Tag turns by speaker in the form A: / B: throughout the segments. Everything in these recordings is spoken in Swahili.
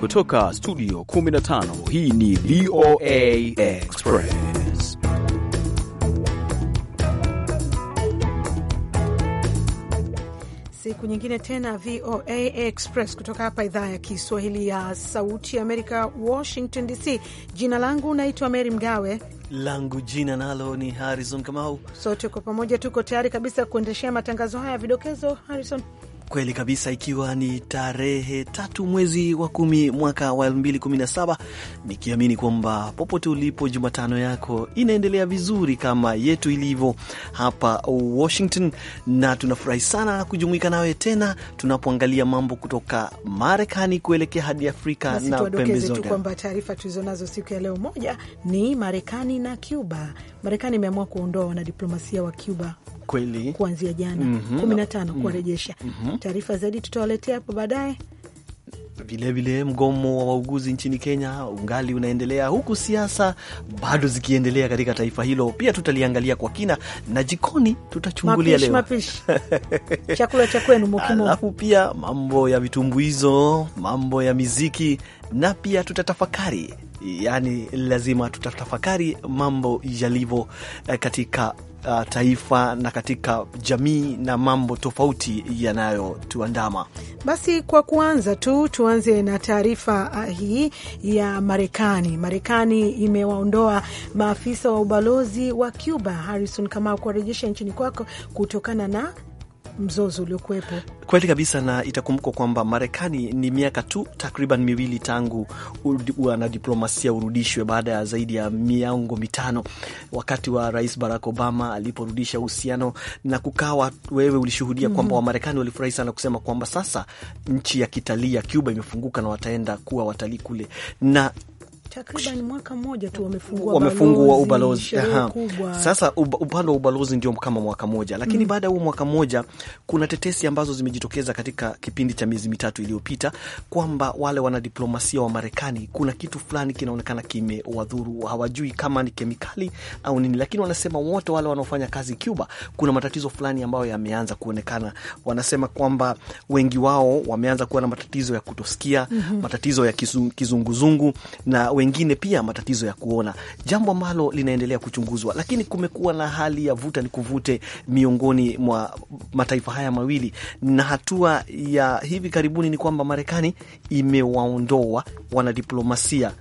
A: kutoka studio 15 hii ni VOA Express.
B: Siku nyingine tena VOA Express kutoka hapa idhaa ya Kiswahili ya Sauti ya Amerika, Washington DC. Jina langu naitwa Mary Mgawe langu jina nalo ni Harrison Kamau. Sote kwa pamoja tuko tayari kabisa kuendeshea matangazo haya. Vidokezo Harrison Kweli
C: kabisa, ikiwa ni tarehe tatu mwezi wa kumi mwaka wa 217 nikiamini kwamba popote ulipo Jumatano yako inaendelea vizuri kama yetu ilivyo hapa Washington, na tunafurahi sana kujumuika nawe tena tunapoangalia mambo kutoka Marekani kuelekea hadi Afrika Masi na pembe kwamba
B: taarifa tulizonazo siku ya leo, moja ni Marekani na Cuba. Marekani imeamua kuondoa wanadiplomasia wa Cuba kweli, kuanzia jana mm -hmm. kumi na tano mhm. kuwarejesha mm -hmm. Taarifa zaidi tutawaletea hapo baadaye.
C: Vilevile mgomo wa wauguzi nchini Kenya ungali unaendelea, huku siasa bado zikiendelea katika taifa hilo. Pia tutaliangalia kwa kina na jikoni tutachungulia leo chakula cha kwenu, alafu pia mambo ya vitumbuizo, mambo ya miziki na pia tutatafakari, yani lazima tutatafakari mambo yalivyo eh, katika uh, taifa na katika jamii na mambo tofauti yanayotuandama.
B: Basi kwa kuanza tu tuanze na taarifa uh, hii ya Marekani. Marekani imewaondoa maafisa wa ubalozi wa Cuba. Harrison Kamau, kuwarejesha nchini kwako kutokana na mzozo uliokuwepo.
C: Kweli kabisa, na itakumbukwa kwamba Marekani ni miaka tu takriban miwili tangu wanadiplomasia urudishwe baada ya zaidi ya miongo mitano, wakati wa Rais Barack Obama aliporudisha uhusiano, na kukawa wewe ulishuhudia mm -hmm. kwamba Wamarekani walifurahi sana kusema kwamba sasa nchi ya kitalii ya Cuba imefunguka na wataenda kuwa watalii kule na
B: takriban mwaka mmoja tu wamefungua wamefungua ubalozi. Sasa
C: upande wa ubalozi ndio kama mwaka mmoja, lakini mm, baada ya huo mwaka mmoja kuna tetesi ambazo zimejitokeza katika kipindi cha miezi mitatu iliyopita kwamba wale wanadiplomasia wa Marekani kuna kitu fulani kinaonekana kimewadhuru, hawajui kama ni kemikali au nini, lakini wanasema wote wale wanaofanya kazi Cuba kuna matatizo fulani ambayo yameanza kuonekana. Wanasema kwamba wengi wao wameanza kuwa na matatizo ya kutosikia, mm -hmm, matatizo ya kizunguzungu na wengine pia matatizo ya kuona, jambo ambalo linaendelea kuchunguzwa. Lakini kumekuwa na hali ya vuta ni kuvute miongoni mwa mataifa haya mawili, na hatua ya hivi karibuni ni kwamba Marekani imewaondoa wanadiplomasia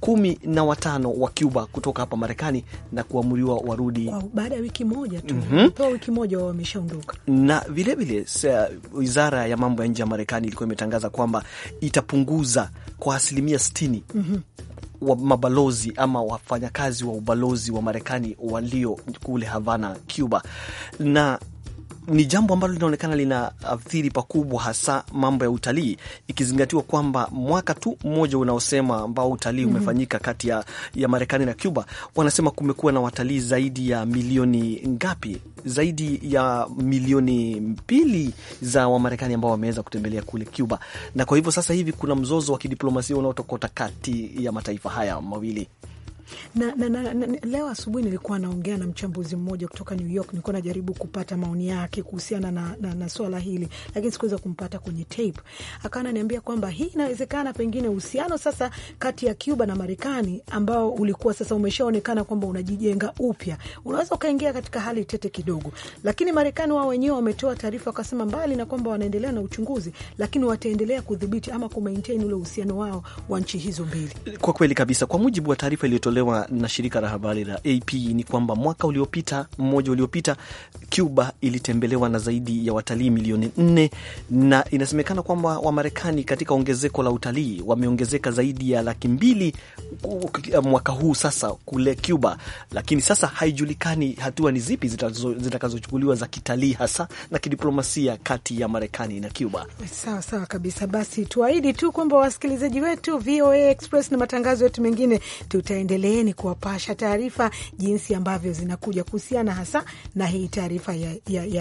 C: kumi na watano wa Cuba kutoka hapa Marekani na kuamuriwa warudi
B: baada ya wiki moja tu. mm -hmm. Wiki moja wameshaondoka.
C: Na vilevile wizara ya mambo ya nje ya Marekani ilikuwa imetangaza kwamba itapunguza kwa asilimia sitini mm -hmm. Wa mabalozi ama wafanyakazi wa ubalozi wa Marekani walio kule Havana, Cuba, na ni jambo ambalo linaonekana linaathiri pakubwa hasa mambo ya utalii, ikizingatiwa kwamba mwaka tu mmoja unaosema ambao utalii mm -hmm. umefanyika kati ya, ya Marekani na Cuba, wanasema kumekuwa na watalii zaidi ya milioni ngapi, zaidi ya milioni mbili za Wamarekani ambao wameweza kutembelea kule Cuba, na kwa hivyo sasa hivi kuna mzozo wa kidiplomasia unaotokota kati ya mataifa haya mawili
B: na, na, na, na, leo asubuhi nilikuwa naongea na mchambuzi mmoja kutoka New York, nilikuwa najaribu kupata maoni yake kuhusiana na, na, na swala hili, lakini sikuweza kumpata kwenye tape. Akawa ananiambia kwamba hii inawezekana pengine uhusiano sasa kati ya Cuba na Marekani ambao ulikuwa sasa umeshaonekana kwamba unajijenga upya, unaweza ukaingia katika hali tete kidogo, lakini Marekani wao wenyewe wametoa taarifa wakasema, mbali na kwamba wanaendelea na uchunguzi, lakini wataendelea kudhibiti ama kumaintain ule uhusiano wao wa nchi hizo mbili.
C: Kwa kweli kabisa, kwa mujibu wa taarifa iliyotolewa iliyotolewa na shirika la habari la AP ni kwamba mwaka uliopita mmoja uliopita Cuba ilitembelewa na zaidi ya watalii milioni nne na inasemekana kwamba Wamarekani katika ongezeko la utalii wameongezeka zaidi ya laki mbili uh, mwaka huu sasa kule Cuba, lakini sasa haijulikani hatua ni zipi zitakazochukuliwa za kitalii hasa na kidiplomasia kati ya Marekani na Cuba.
B: Sawa sawa kabisa. Basi tuahidi tu kwamba wasikilizaji wetu VOA Express na matangazo yetu mengine tutaendelea baadaye ni kuwapasha taarifa jinsi ambavyo zinakuja kuhusiana hasa na hii taarifa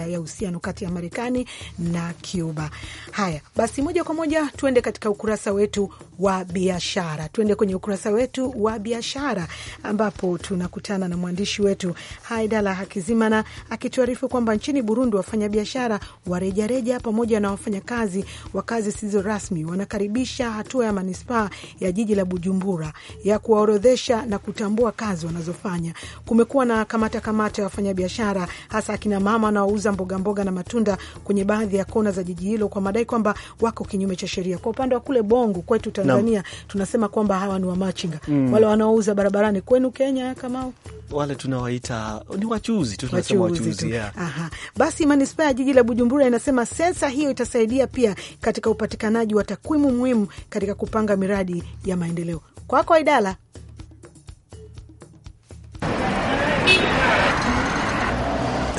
B: ya uhusiano kati ya Marekani na Cuba. Haya basi, moja kwa moja tuende katika ukurasa wetu wa biashara, tuende kwenye ukurasa wetu wa biashara ambapo tunakutana na mwandishi wetu Haidala Hakizimana akituarifu kwamba nchini Burundi wafanyabiashara wa rejareja pamoja na wafanyakazi wa kazi zisizo rasmi wanakaribisha hatua ya manispaa ya jiji la Bujumbura ya kuwaorodhesha na na kutambua kazi wanazofanya. Kumekuwa na kamata kamata ya wafanyabiashara, hasa akina mama wanaouza mboga mboga na matunda kwenye baadhi ya kona za jiji hilo kwa madai kwamba wako kinyume cha sheria. Kwa upande wa kule Bongo kwetu Tanzania no. tunasema kwamba hawa ni wamachinga mm. wale wanaouza barabarani. Kwenu Kenya eh, kama
C: wale tunawaita ni wachuzi, tunasema wachuzi, wachuzi yeah.
B: Aha. Basi manispaa ya jiji la Bujumbura inasema sensa hiyo itasaidia pia katika upatikanaji wa takwimu muhimu katika kupanga miradi ya maendeleo. Kwako Idala.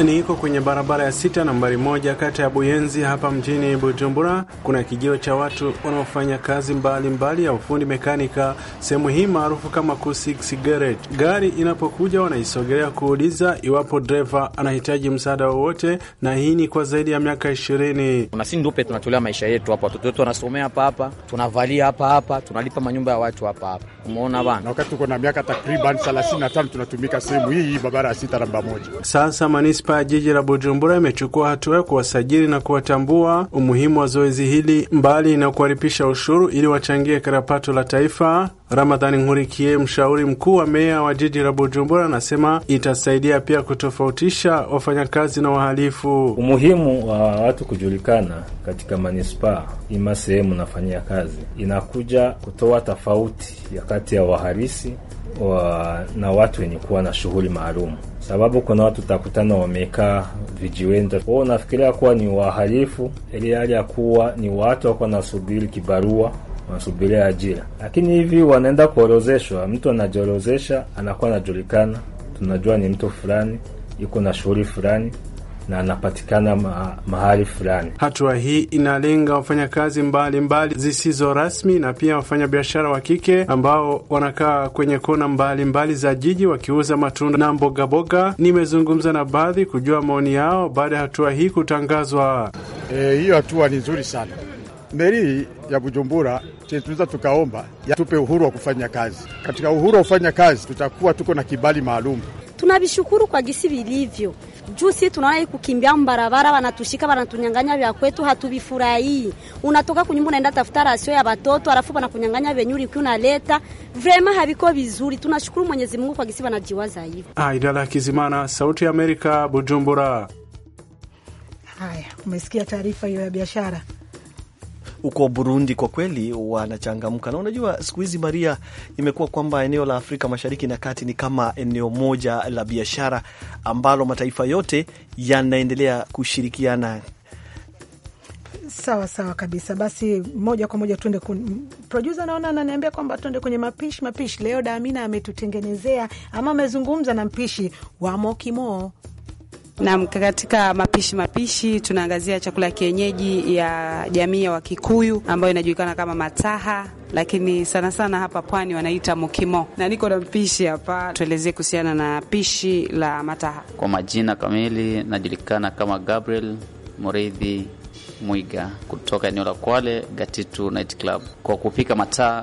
D: Niko kwenye barabara ya sita nambari moja kata ya Buyenzi hapa mjini Bujumbura. Kuna kijio cha watu wanaofanya kazi mbalimbali mbali ya ufundi mekanika, sehemu hii maarufu kama Kusix Garage. Gari inapokuja wanaisogelea kuuliza iwapo dreva anahitaji msaada wowote, na hii ni kwa zaidi ya miaka ishirini. Na si ndupe tunatolea maisha yetu hapa, watoto wetu wanasomea hapa hapa, tunavalia hapa hapa, tunalipa manyumba ya watu hapa hapa,
A: umeona bana. Wakati tuko na miaka takriban 35 tunatumika sehemu hii hii barabara ya sita namba moja.
D: Sasa manispa manispaa ya jiji la Bujumbura imechukua hatua ya kuwasajili na kuwatambua umuhimu wa zoezi hili, mbali na kuwalipisha ushuru ili wachangie katika pato la taifa. Ramadhani Nkurikiye, mshauri mkuu wa meya wa jiji la Bujumbura, anasema itasaidia pia kutofautisha wafanyakazi na wahalifu. Umuhimu wa watu kujulikana katika manispaa ima sehemu nafanyia kazi inakuja kutoa tofauti ya
A: kati ya waharisi wa, na watu wenye kuwa na shughuli maalum, sababu kuna watu takutana wamekaa vijiwenda kwao, nafikiria kuwa ni wahalifu, ili hali ya kuwa ni watu wako wanasubiri kibarua wanasubiria ajira, lakini hivi wanaenda kuorozeshwa. Mtu anajiorozesha anakuwa anajulikana, tunajua ni mtu fulani iko na shughuli fulani, na anapatikana ma mahali fulani.
D: Hatua hii inalenga wafanyakazi mbalimbali zisizo rasmi na pia wafanyabiashara wa kike ambao wanakaa kwenye kona mbalimbali mbali za jiji wakiuza matunda na mbogaboga. Nimezungumza na baadhi kujua maoni yao baada ya hatua hii kutangazwa. E, hiyo hatua ni nzuri sana meri ya Bujumbura tunaweza tukaomba yatupe uhuru wa kufanya
E: kazi. Katika uhuru wa kufanya kazi, tutakuwa tuko na kibali maalum.
B: Tunavishukuru kwa gisi vilivyo juu si tunaona kukimbia mbarabara, wanatushika wanatunyang'anya vya kwetu, hatuvifurahii. Unatoka kunyumba unaenda tafuta rasio ya watoto, alafu wanakunyang'anya venyu ukiwa unaleta vrema, haviko vizuri. Tunashukuru Mwenyezi Mungu kwa gisi wanajiwaza hivyo.
D: Aidala ah, Kizimana, Sauti ya Amerika, Bujumbura.
B: Haya, umesikia taarifa hiyo ya biashara
C: huko Burundi kwa kweli wanachangamka, na unajua siku hizi Maria, imekuwa kwamba eneo la Afrika Mashariki na Kati ni kama eneo moja la biashara ambalo mataifa yote yanaendelea kushirikiana.
B: Sawa sawa kabisa. Basi moja kwa moja tuende kun... produsa naona ananiambia kwamba tuende kwenye mapishi. Mapishi leo Damina ametutengenezea ama amezungumza na mpishi wa Mokimo. Naam, katika mapishi mapishi tunaangazia chakula kienyeji ya jamii ya Wakikuyu ambayo inajulikana kama mataha lakini sana sana hapa pwani wanaita mukimo, na niko na mpishi hapa, tuelezee kuhusiana na pishi la mataha.
F: Kwa majina kamili najulikana kama Gabriel Muridhi Mwiga kutoka eneo la Kwale Gatitu Night Club. Kwa kupika mataa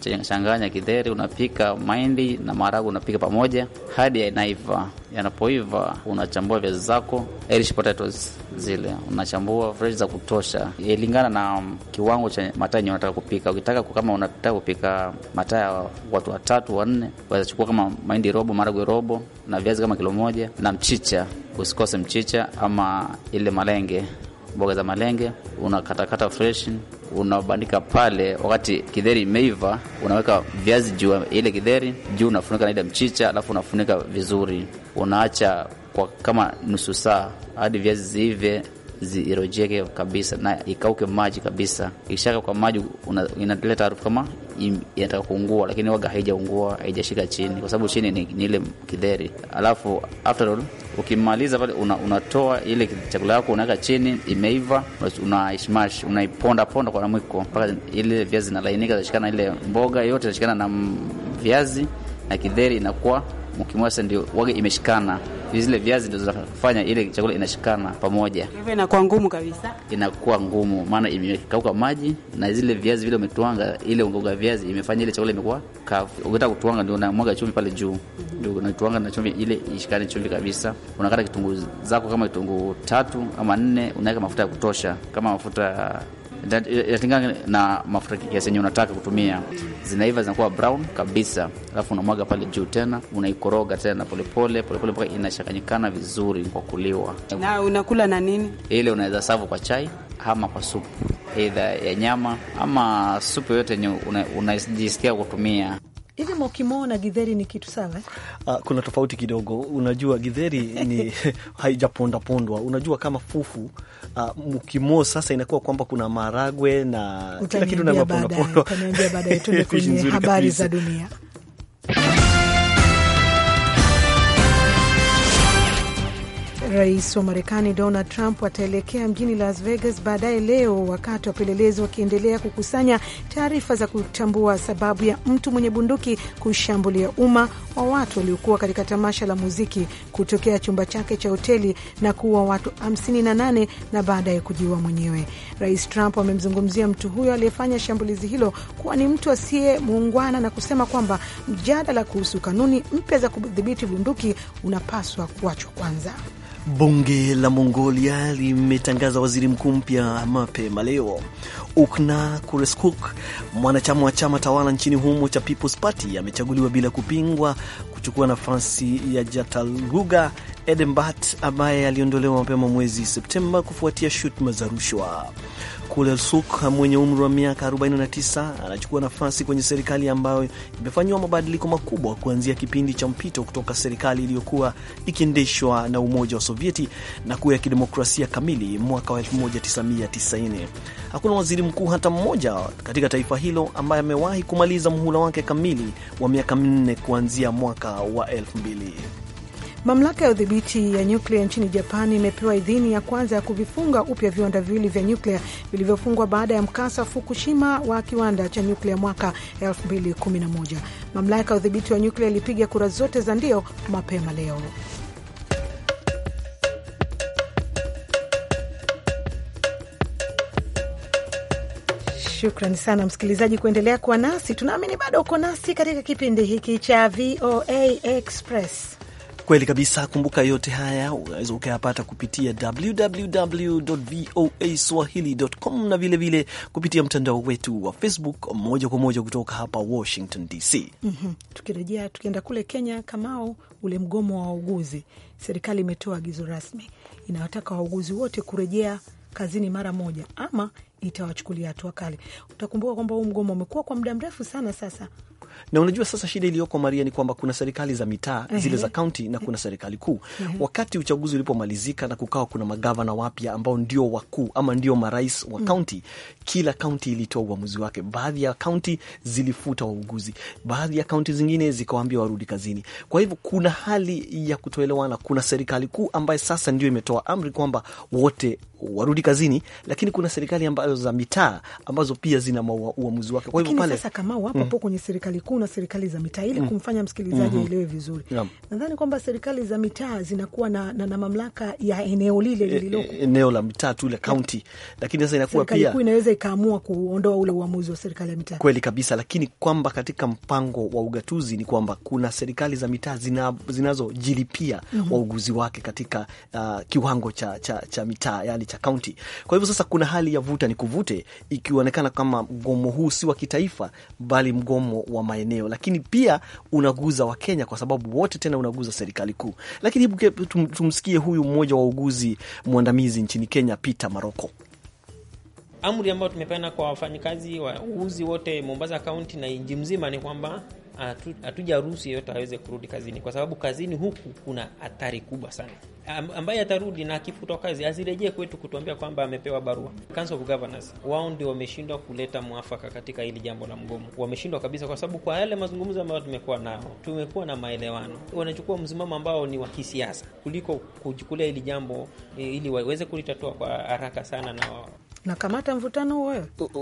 F: tunachanganya kidheri, unapika mahindi na maharagwe, unapika pamoja hadi yanaiva. Yanapoiva unachambua viazi zako, elish potatoes zile unachambua fresh za kutosha, ilingana eh, na kiwango cha mataa yenye unataka kupika. Ukitaka kama unataka kupika mataa ya watu watatu wanne, wazachukua kama mahindi robo, maragwe robo, na viazi kama kilo moja, na mchicha, usikose mchicha ama ile malenge mboga za malenge, unakatakata fresh, unabandika pale. Wakati kidheri imeiva, unaweka viazi juu ile kidheri juu, unafunika na ile mchicha, alafu unafunika vizuri, unaacha kwa kama nusu saa hadi viazi ziive zirojeke kabisa na ikauke maji kabisa. Ikishaka kwa maji inaleta harufu kama inataka kuungua, lakini waga haijaungua, haijashika chini, kwa sababu chini ni, ni ile kidheri. Alafu after all ukimaliza pale una, unatoa ile chakula yako unaweka chini, imeiva, unaishmash, unaiponda ponda kwa mwiko mpaka ile viazi zinalainika, zashikana ile mboga yote inashikana na viazi na kidheri inakuwa mkimwasa, ndio waga imeshikana zile viazi ndio zinafanya ile chakula inashikana pamoja,
B: hivyo inakuwa ngumu kabisa,
F: inakuwa ngumu, maana imekauka maji na zile viazi vile umetuanga ile ungoga viazi imefanya ile chakula imekuwa kavu. Ukitaka kutuanga ndio unamwaga chumvi pale juu, ndio unatuanga na chumvi ile ishikane chumvi kabisa. Unakata kitunguu zako kama kitunguu tatu ama nne, unaweka mafuta ya kutosha, kama mafuta inatingana na mafuta kiasi yenye unataka kutumia. Zinaiva zinakuwa brown kabisa, alafu unamwaga pale juu tena, unaikoroga tena polepole polepole mpaka inachanganyikana vizuri kwa kuliwa.
B: Na unakula na nini?
F: Ile unaweza savu kwa chai ama kwa supu, eidha ya nyama ama supu yoyote yenye unajisikia una kutumia.
B: Hivi mokimo na githeri ni kitu sawa?
C: Uh, kuna tofauti kidogo. Unajua githeri ni haijapondapondwa. Unajua kama fufu uh, ah, mukimo sasa inakuwa kwamba kuna maragwe na kila kitu na mapondapondwa. habari za
G: dunia.
B: Rais wa Marekani Donald Trump ataelekea mjini Las Vegas baadaye leo, wakati wapelelezi wakiendelea kukusanya taarifa za kutambua sababu ya mtu mwenye bunduki kushambulia umma wa watu waliokuwa katika tamasha la muziki kutokea chumba chake cha hoteli na kuua watu 58 na, na baadaye kujiua mwenyewe. Rais Trump amemzungumzia mtu huyo aliyefanya shambulizi hilo kuwa ni mtu asiye muungwana na kusema kwamba mjadala kuhusu kanuni mpya za kudhibiti bunduki unapaswa kuachwa kwanza.
C: Bunge la Mongolia limetangaza waziri mkuu mpya mapema leo. Ukna Kureskuk, mwanachama wa chama tawala nchini humo cha People's Party, amechaguliwa bila kupingwa kuchukua nafasi ya Jataluga Edembat ambaye aliondolewa mapema mwezi Septemba kufuatia shutuma za rushwa. Kulel mwenye umri wa miaka 49 anachukua nafasi kwenye serikali ambayo imefanyiwa mabadiliko makubwa kuanzia kipindi cha mpito kutoka serikali iliyokuwa ikiendeshwa na Umoja wa Sovieti na kuwa ya kidemokrasia kamili mwaka wa 1990. Hakuna waziri mkuu hata mmoja katika taifa hilo ambaye amewahi kumaliza muhula wake kamili wa miaka minne kuanzia mwaka wa 2000.
B: Mamlaka ya udhibiti ya nyuklia nchini Japani imepewa idhini ya kwanza ya kuvifunga upya viwanda viwili vya nyuklia vilivyofungwa baada ya mkasa wa Fukushima wa kiwanda cha nyuklia mwaka 2011. Mamlaka ya udhibiti wa nyuklia ilipiga kura zote za ndio mapema leo. Shukran sana msikilizaji kuendelea kuwa nasi. Tunaamini bado uko nasi katika kipindi hiki cha VOA Express.
C: Kweli kabisa. Kumbuka yote haya unaweza ukayapata kupitia www voa swahili.com na vilevile vile kupitia mtandao wetu wa Facebook moja kwa moja kutoka hapa Washington DC.
B: mm -hmm. Tukirejea tukienda kule Kenya, Kamau, ule mgomo wa wauguzi, serikali imetoa agizo rasmi, inawataka wauguzi wote kurejea kazini mara moja ama itawachukulia hatua kali. Utakumbuka kwamba huu mgomo umekuwa kwa muda mrefu sana sasa
C: na unajua sasa shida iliyoko Maria ni kwamba kuna serikali za mitaa mhm. zile za kaunti na kuna serikali kuu. Mhm. Wakati uchaguzi ulipomalizika na kukawa kuna magavana wapya ambao ndio wakuu ama ndio marais wa kaunti, mhm. kila kaunti ilitoa uamuzi wake. Baadhi ya kaunti zilifuta wauguzi, baadhi ya kaunti zingine zikawaambia warudi kazini. Kwa hivyo kuna hali ya kutoelewana. Kuna serikali kuu ambaye sasa ndio imetoa amri kwamba wote warudi kazini, lakini kuna serikali ambazo za mitaa ambazo pia zina uamuzi wake. Kwa hivyo pale sasa
B: kama wapo mm. kwenye serikali kuu na serikali za mitaa ili mm. kumfanya msikilizaji mhm. aelewe mm -hmm. vizuri yeah. Nadhani kwamba serikali za mitaa zinakuwa na, na, na mamlaka ya eneo lile e, e, lililoko
C: eneo la mitaa tu ile kaunti yeah. Lakini sasa inakuwa serikali pia kuu
B: inaweza ikaamua kuondoa ule uamuzi wa serikali ya mitaa,
C: kweli kabisa, lakini kwamba katika mpango wa ugatuzi ni kwamba kuna serikali za mitaa zina, zinazojilipia mm -hmm. wauguzi wake katika uh, kiwango cha, cha, cha mitaa yani cha kaunti. Kwa hivyo sasa kuna hali ya vuta ni kuvute ikionekana kama mgomo huu si wa kitaifa bali mgomo wa maeneo, lakini pia unaguza Wakenya kwa sababu wote tena unaguza serikali kuu. Lakini hebu tum, tumsikie huyu mmoja wa uguzi mwandamizi nchini Kenya, Peter Maroko.
H: Amri ambayo tumepeana kwa wafanyikazi wa uguzi wote Mombasa Kaunti na nchi mzima ni kwamba hatujaruhusu yeyote aweze kurudi kazini, kwa sababu kazini huku kuna hatari kubwa sana. Am, ambaye atarudi na akifutwa kazi azirejee kwetu kutuambia kwamba amepewa barua. Council of Governors wao ndio wameshindwa kuleta mwafaka katika hili jambo la mgomo, wameshindwa kabisa, kwa sababu kwa yale mazungumzo ambayo tumekuwa nao, tumekuwa na maelewano, wanachukua msimamo ambao ni wa kisiasa kuliko kuchukulia hili jambo e, ili waweze kulitatua kwa haraka sana na wao.
B: Nakamata mvutano huo,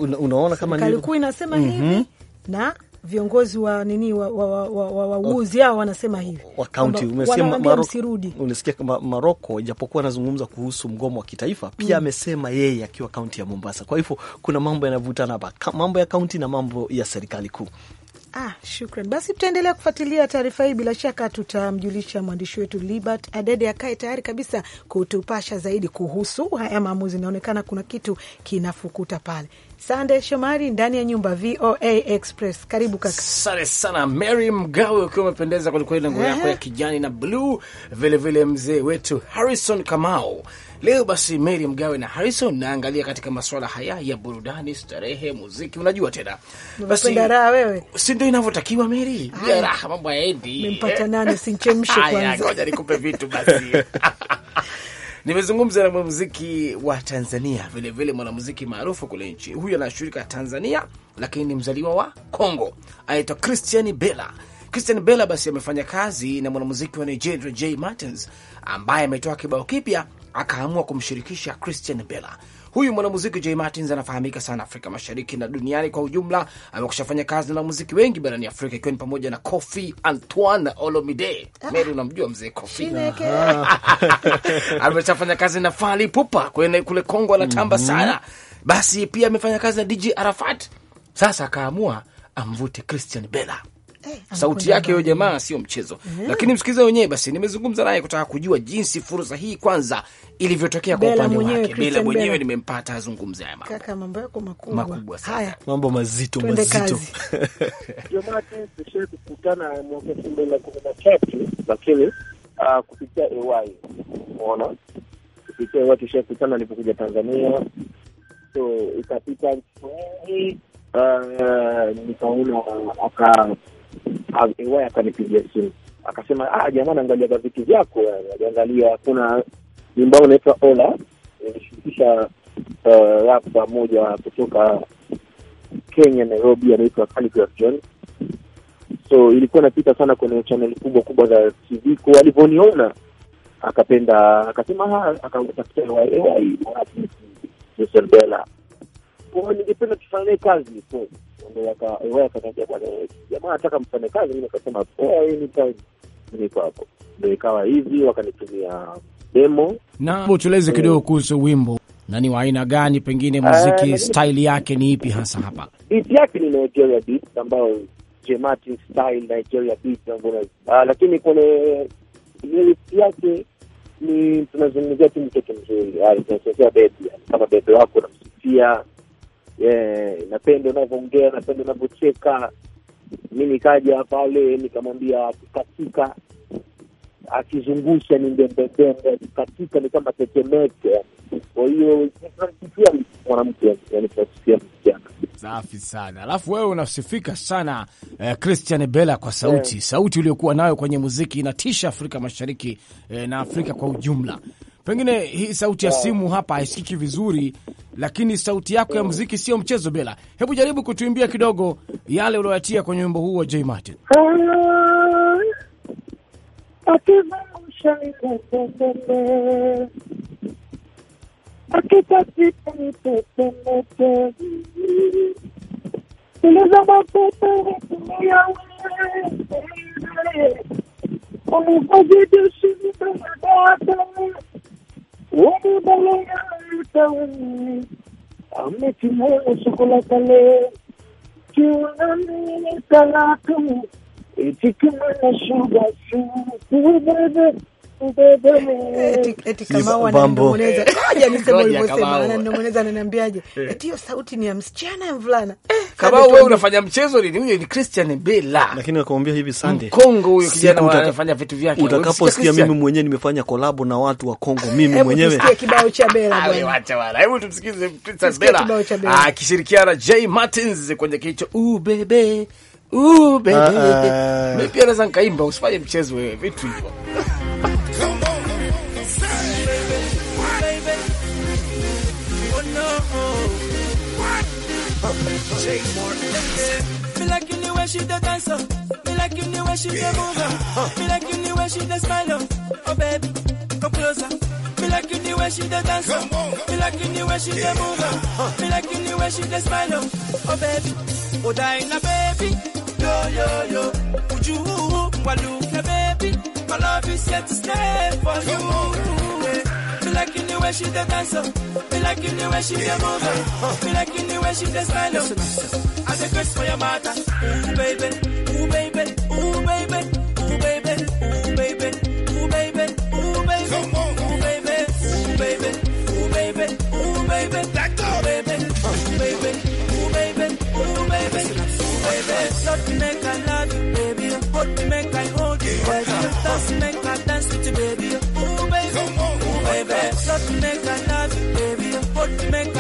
B: unaona kama nilikuwa inasema mm -hmm. hivi na viongozi wa nini wa wauguzi wa, wa, wa, hao wanasema hivi wa kaunti. Umesikia
C: unasikia kama Maroko, japokuwa anazungumza kuhusu mgomo wa kitaifa pia mm. amesema mm, yeye akiwa kaunti ya Mombasa. Kwa hivyo kuna mambo yanavutana hapa, mambo ya kaunti na mambo ya serikali kuu.
B: Ah, shukran. Basi tutaendelea kufuatilia taarifa hii, bila shaka tutamjulisha mwandishi wetu Libert Adede akae tayari kabisa kutupasha zaidi kuhusu haya maamuzi. Inaonekana kuna kitu kinafukuta pale. Sande Shomari ndani ya nyumba VOA Express, karibu kaka.
I: Sante sana Mary Mgawe, ukiwa umependeza kwelikweli na nguo yako ya kijani na bluu, vilevile mzee wetu Harrison Kamau Leo basi Mary Mgawe na Harrison naangalia katika masuala haya ya burudani, starehe, muziki, unajua tena.
B: Basi raha
I: wewe. Si ndio inavyotakiwa Mary? Ya raha mambo yaendi. Nimempata nani sinchemshe kwanza. Ngoja nikupe vitu basi. Nimezungumza na mwanamuziki wa Tanzania vilevile, mwanamuziki maarufu kule nchi huyu, anashirika Tanzania lakini ni mzaliwa wa Congo, anaitwa Christian Bella. Christian Bella basi amefanya kazi na mwanamuziki wa Nigeria J Martins ambaye ametoa kibao kipya akaamua kumshirikisha Christian Bella. Huyu mwanamuziki Jay Martins anafahamika sana Afrika Mashariki na duniani kwa ujumla. Amekusha fanya kazi na wanamuziki wengi barani Afrika, ikiwa ni pamoja na Kofi Antoine Olomide. Ah. Meri, unamjua mzee Kofi? Ameshafanya kazi na Pupa Ipupa kule Kongo, anatamba mm -hmm. sana. Basi pia amefanya kazi na DJ Arafat. Sasa akaamua amvute Christian Bella sauti yake huyo jamaa sio mchezo yeah. Lakini msikiliza wenyewe basi, nimezungumza naye kutaka kujua jinsi fursa hii kwanza ilivyotokea kwa upande wake. Bila mwenyewe nimempata azungumze haya
B: kaka, mambo yako makubwa makubwa sana,
C: mambo mazito mazito.
B: Jamati
J: mwaka elfu mbili na kumi na tatu lakini ah, kupitia unaona, kupitia tushakutana nilipokuja Tanzania, so ikapita nyingi, ah, nikaona aka Iwaya akanipigia simu akasema, ah, jamani, angalia gazeti vyako, aliangalia kuna nyumba yao inaitwa Ola, nilishirikisha uh, rapa moja kutoka Kenya, Nairobi, anaitwa Khaligraph John. So ilikuwa inapita sana kwenye chaneli kubwa kubwa za TV. Kwa alivyoniona akapenda, akasema ah, akatafuta Bella, ningependa tufanye kazi so akaniambia bwana, jamaa nataka mfanye kazi. nikasema poa, niko hapo, ikawa hivi, wakanitumia demo.
I: Na tueleze kidogo kuhusu wimbo na ni wa aina gani, pengine eh, muziki uh, staili yake ni ipi hasa? Hapa
J: beat yake ni Nigeria beat, ambayo Jemati style Nigeria beat uh, lakini kwenye lyrics yake ni tunazungumzia tu mtoto mzuri, ah, tunazungumzia bebi, kama bebe wako unamsifia yeah, napenda unavyoongea, napenda unavyocheka. Mi nikaja pale nikamwambia akikatika, akizungusha ni ndembembembe, akikatika ni kama tetemeke. Kwa hiyo mwanamke, yani msichana.
I: Safi sana. Alafu wewe unasifika sana eh, Christian Bella kwa sauti yeah. Sauti uliokuwa nayo kwenye muziki inatisha Afrika Mashariki eh, na Afrika kwa ujumla. Pengine hii sauti ya simu hapa haisikiki vizuri, lakini sauti yako ya muziki sio mchezo Bela. Hebu jaribu kutuimbia kidogo yale ulioyatia kwenye wimbo huu wa J Martin.
J: உடலையாழ்த்தவும் அம்மைக்கு சுகுலத்தலே தலாக்கும் இச்சிக்கு மன சுகசு
B: Eh. hiyo sauti ni ya msichana ya mvulana eh, kama wewe unafanya
I: mchezo nini? Huyo ni Christian Bella, lakini
C: nakwambia hivi Sunday Kongo, huyo kijana anafanya
I: vitu vyake. Utakaposikia mimi
C: mwenyewe nimefanya kolabo na watu wa Kongo, mimi mwenyewe
I: kibao cha Bella bwana, acha Hebu tumsikize Christian Bella
C: akishirikiana
I: J Martins kwenye kicho ubebe
C: ubebe.
G: Mimi pia
I: naweza nikaimba, usifanye mchezo wewe, vitu hivyo Come on, say,
G: baby, what? baby. Oh no, what? Jay Morton. Me like you knew where she the dancer. Me like you knew where she the mover. Me like you knew where she the smiler. Oh baby, come closer. Me like you knew where she the dancer. Me like you knew where she the mover. Me like you knew where she the smiler. Oh baby, oh Dinah baby, yo yo yo, would you walu? my love is here to stay for you. Me like in the way she dey dance, me like in the way she dey move, me like in the way she dey smile. I dey quest for your matter, ooh baby, ooh baby, ooh baby, ooh baby, ooh baby, ooh baby, ooh baby, ooh baby, ooh baby, ooh baby, ooh baby, ooh baby, ooh baby, ooh baby, ooh baby, ooh baby, ooh baby, ooh baby, What make you, baby? What make I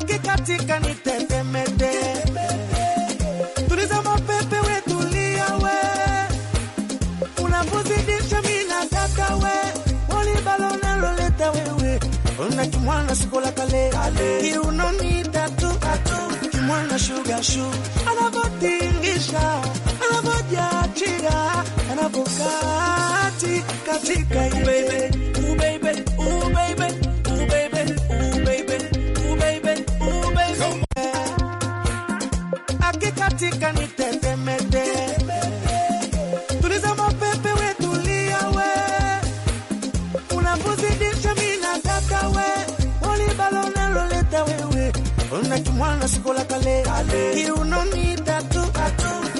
G: akikatika ni tetemete. Tuliza mapepe we, tulia we, unapozidisha mimi nataka we sikola kale mwana shuga shu anavyotingisha, anavyojiachia, anavokati katika ile kasikola kale kiunonita tu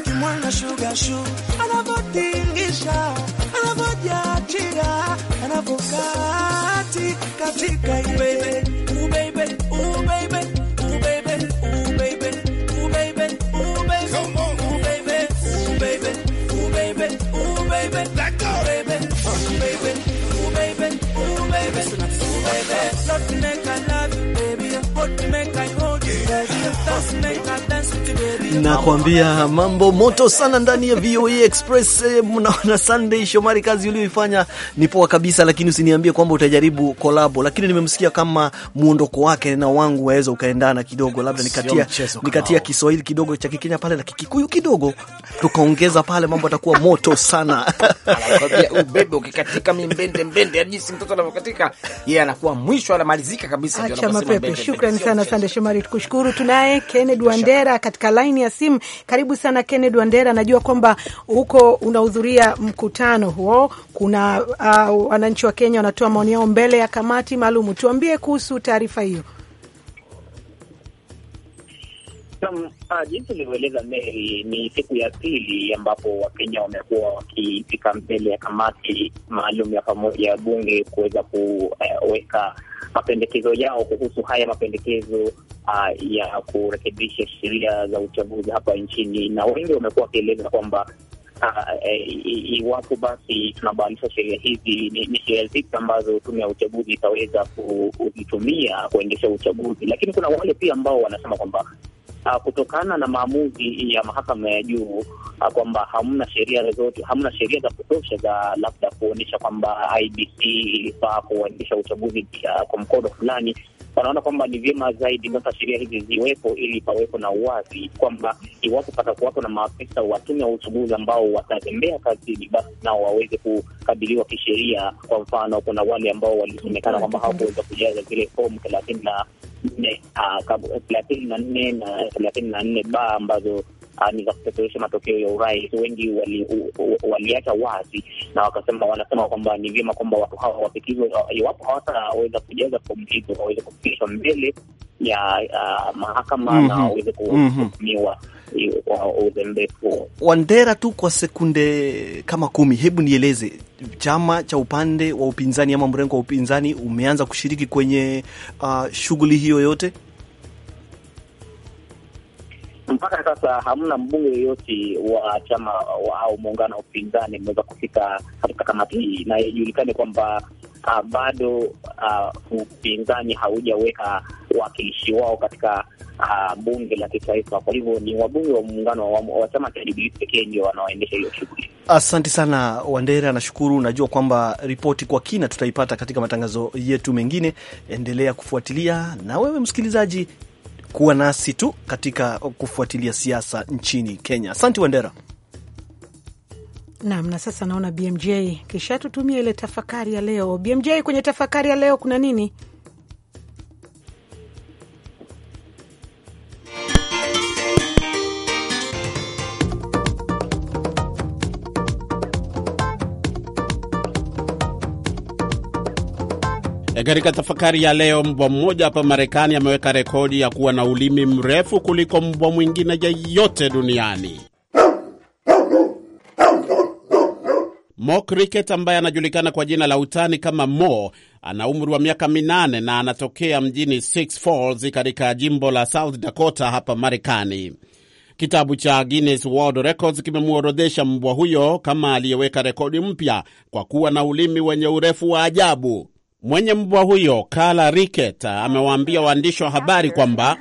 G: kimwana shugashu anavotingisha anavojiachia anavokati katika iwe
C: Nakwambia mambo moto sana ndani ya VOA e Express. Eh, mnaona Sunday Shomari, kazi uliyoifanya ni poa kabisa, lakini usiniambie kwamba utajaribu kolabo, lakini nimemsikia kama muondoko wake na wangu waweza ukaendana kidogo, labda nikatia, nikatia Kiswahili kidogo cha Kikenya pale na Kikikuyu kidogo tukaongeza pale, mambo atakuwa moto sana.
I: Ubebe ukikatika mimbende mbende, jinsi mtoto anavyokatika yeye anakuwa mwisho, anamalizika kabisa. Acha mapepe. Shukrani
B: sana Sunday Shomari, tukushukuru. Tunaye Kennedy Wandera katika ya simu. Karibu sana Kennedy Wandera, najua kwamba huko unahudhuria mkutano huo. Kuna uh, wananchi wa Kenya wanatoa maoni yao mbele ya kamati maalum. Tuambie kuhusu taarifa hiyo.
H: Uh, jinsi ilivyoeleza Mary, ni siku ya pili ambapo Wakenya wamekuwa wakifika mbele ya kamati maalum ya pamoja ya bunge kuweza kuweka mapendekezo yao kuhusu haya mapendekezo Uh, ya kurekebisha sheria za uchaguzi hapa nchini, na wengi wamekuwa wakieleza kwamba uh, eh, iwapo basi tunabadilisha sheria hizi, ni, ni sheria zipi ambazo tume ya uchaguzi itaweza kuzitumia kuendesha uchaguzi. Lakini kuna wale pia ambao wanasema kwamba uh, kutokana na maamuzi ya mahakama ya juu kwamba hamna sheria zozote, hamna sheria za kutosha za labda kuonyesha kwamba IBC ilifaa kuendesha uchaguzi kwa mkondo fulani, wanaona kwamba ni vyema zaidi sasa sheria hizi ziwepo, ili pawepo na uwazi kwamba iwapo patakuwapo na maafisa wa tume ambao watatembea kazini, basi nao waweze kukabiliwa kisheria. Kwa mfano, kuna wale ambao walisemekana kwamba hawakuweza kujaza zile fomu thelathini na nne ah, thelathini na nne na thelathini na nne ba ambazo uh, ni za kupeperusha matokeo ya urais. Wengi waliacha wali wazi na wakasema, wanasema kwamba ni vyema kwamba watu hawa wapitizwe, iwapo hawataweza kujaza fomu hizo waweze kufikishwa mbele ya uh, mahakama mm -hmm. na mhm. waweze kuhukumiwa mhm.
C: Wandera, tu kwa sekunde kama kumi, hebu nieleze, chama cha upande wa upinzani ama mrengo wa upinzani umeanza kushiriki kwenye uh, shughuli hiyo yote?
H: mpaka sasa hamna mbunge yeyote wa chama au muungano wa upinzani ameweza kufika katika kamati hii, na ijulikane kwamba uh, bado uh, upinzani haujaweka uwakilishi wao katika uh, bunge la kitaifa. Kwa hivyo ni wabunge wa muungano wa chama cha Jubilee pekee ndio wanaoendesha hiyo shughuli.
C: Asante sana Wandera, nashukuru. Najua kwamba ripoti kwa kina tutaipata katika matangazo yetu mengine. Endelea kufuatilia na wewe msikilizaji kuwa nasi tu katika kufuatilia siasa nchini Kenya. Asante Wandera.
B: Naam, na sasa naona BMJ kisha tutumia ile tafakari ya leo. BMJ, kwenye tafakari ya leo kuna nini?
E: Katika tafakari ya leo, mbwa mmoja hapa Marekani ameweka rekodi ya kuwa na ulimi mrefu kuliko mbwa mwingine yeyote duniani. Mo Cricket ambaye anajulikana kwa jina la utani kama Mo ana umri wa miaka minane na anatokea mjini Sioux Falls katika jimbo la South Dakota hapa Marekani. Kitabu cha Guinness World Records kimemworodhesha mbwa huyo kama aliyeweka rekodi mpya kwa kuwa na ulimi wenye urefu wa ajabu. Mwenye mbwa huyo Kala riket amewaambia waandishi wa habari kwamba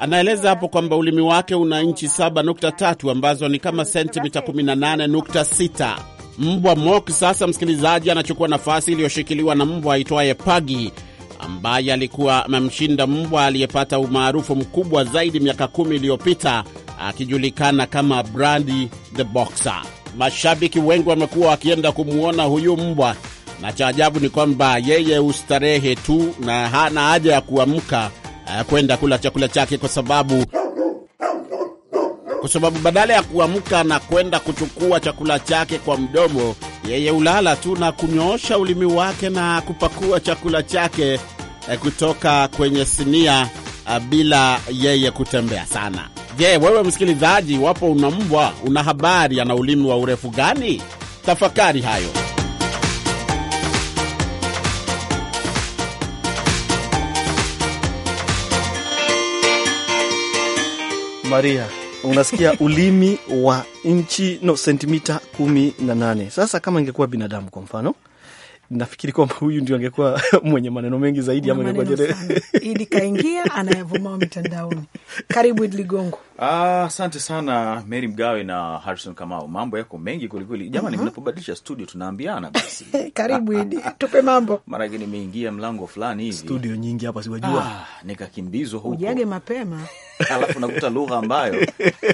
E: anaeleza hapo kwamba ulimi wake una inchi 7.3 ambazo ni kama sentimita 18.6. Mbwa Mok sasa, msikilizaji, anachukua nafasi iliyoshikiliwa na mbwa aitwaye Pagi ambaye alikuwa amemshinda mbwa aliyepata umaarufu mkubwa zaidi miaka kumi iliyopita akijulikana kama Brandi the Boxer mashabiki wengi wamekuwa wakienda kumwona huyu mbwa, na cha ajabu ni kwamba yeye ustarehe tu na hana haja ya kuamka uh, kwenda kula chakula chake kwa sababu kwa sababu badala ya kuamka na kwenda kuchukua chakula chake kwa mdomo, yeye ulala tu na kunyoosha ulimi wake na kupakua chakula chake eh, kutoka kwenye sinia Ah, bila yeye kutembea sana. Je, wewe msikilizaji, iwapo una mbwa, una habari ana ulimi wa urefu gani? Tafakari hayo.
C: Maria, unasikia ulimi wa inchi no sentimita kumi na nane. Sasa kama ingekuwa binadamu kwa mfano nafikiri kwamba huyu ndio angekuwa mwenye maneno mengi zaidi ama
B: kaingia anayavumao mitandaoni. Karibu Idi Ligongo.
A: Ah, asante uh, sana Mary Mgawe na Harrison Kamau, mambo yako mengi kwelikweli jamani. Mhm. mnapobadilisha mm -hmm. studio tunaambiana basi. Karibu Idi, tupe mambo, maanake nimeingia mlango fulani hivi, studio nyingi hapa siwajua. Ah, nikakimbizwa huko, ujage mapema alafu nakuta lugha ambayo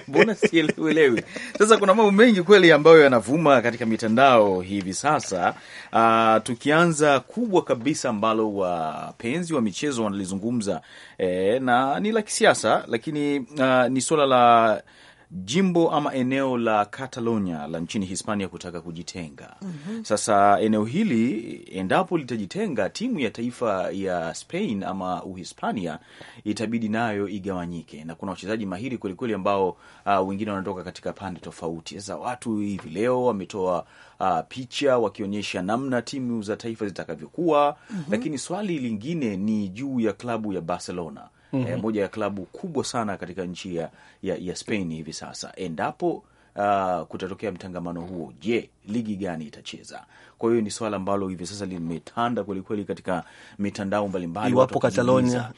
A: mbona sielewelewi. Sasa kuna mambo mengi kweli ambayo yanavuma katika mitandao hivi sasa. Uh, tukianza kubwa kabisa ambalo wapenzi wa michezo wanalizungumza eh, na ni la kisiasa lakini uh, ni suala la jimbo ama eneo la Catalonia la nchini Hispania kutaka kujitenga. mm -hmm. Sasa eneo hili endapo litajitenga, timu ya taifa ya Spain ama Uhispania itabidi nayo igawanyike, na kuna wachezaji mahiri kwelikweli ambao uh, wengine wanatoka katika pande tofauti. Sasa watu hivi leo wametoa uh, picha wakionyesha namna timu za taifa zitakavyokuwa. mm -hmm. Lakini swali lingine ni juu ya klabu ya Barcelona mm -hmm. eh, moja ya klabu kubwa sana katika nchi ya, ya, ya Spain hivi sasa. Endapo uh, kutatokea mtangamano huo, je, ligi gani itacheza? Kwa hiyo ni swala ambalo hivi sasa limetanda kwelikweli katika mitandao mbalimbali. Iwapo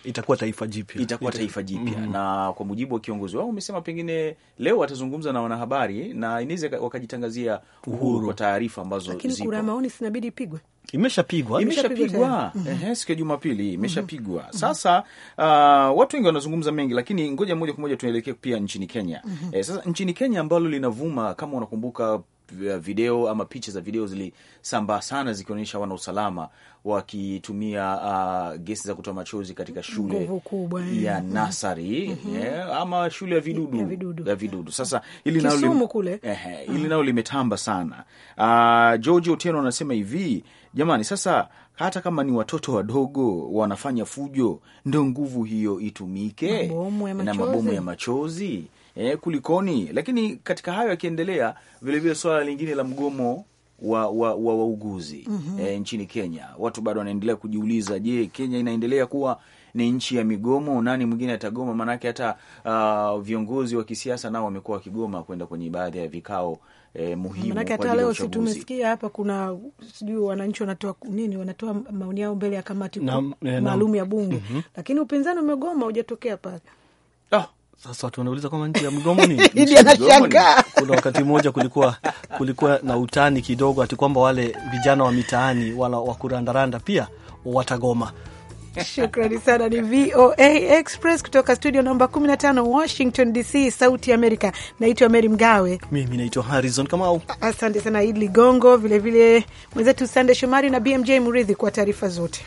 A: itakuwa taifa jipya, itakuwa taifa jipya mhm. na kwa mujibu wa kiongozi wao umesema pengine leo watazungumza na wanahabari na inaweza wakajitangazia uhuru kwa taarifa ambazo zipo, lakini kura
B: maoni sinabidi
A: imeshapigwa imeshapigwa, siku ya Jumapili imeshapigwa. mm -hmm. Sasa uh, watu wengi wanazungumza mengi, lakini ngoja moja kwa moja tuelekee pia nchini Kenya. mm -hmm. Eh, sasa nchini Kenya ambalo linavuma kama unakumbuka Eh, video ama picha za video zilisambaa sana zikionyesha wanausalama wakitumia uh, gesi za kutoa machozi katika shule
B: kubwa, eh. ya
A: nasari mm -hmm. yeah, ama shule ya vidudu ya vidudu, ya vidudu. Sasa hili nao lim... eh, mm. limetamba sana uh, George Otieno anasema hivi jamani, sasa hata kama ni watoto wadogo wanafanya fujo, ndo nguvu hiyo itumike mabomu na mabomu ya machozi eh, kulikoni? Lakini katika hayo yakiendelea, vilevile swala lingine la mgomo wa wa wa, wauguzi mm -hmm. E, nchini Kenya watu bado wanaendelea kujiuliza, je, Kenya inaendelea kuwa ni nchi ya migomo? Nani mwingine atagoma? Maanake hata uh, viongozi wa kisiasa nao wamekuwa wakigoma kwenda kwenye baadhi ya vikao e, muhimu. Maanake hata leo si tumesikia
B: hapa kuna sijui wananchi wanatoa nini, wanatoa maoni yao mbele ya kamati eh, maalum ya bunge, mm -hmm. lakini upinzani umegoma, hujatokea pale oh.
C: Ah, sasa watu wanauliza kwamba nchi ya mgomo anashangaa. Kuna wakati mmoja kulikuwa kulikuwa na utani kidogo, ati kwamba wale vijana wa mitaani wala wa kurandaranda pia watagoma.
B: Shukrani sana. Ni VOA Express kutoka studio namba 15 Washington DC, Sauti Amerika. Naitwa Meri Mgawe.
C: Mimi naitwa Harrison
B: Kamau. Asante sana Idi Ligongo, vilevile mwenzetu Sande Shomari na BMJ mridhi kwa taarifa zote.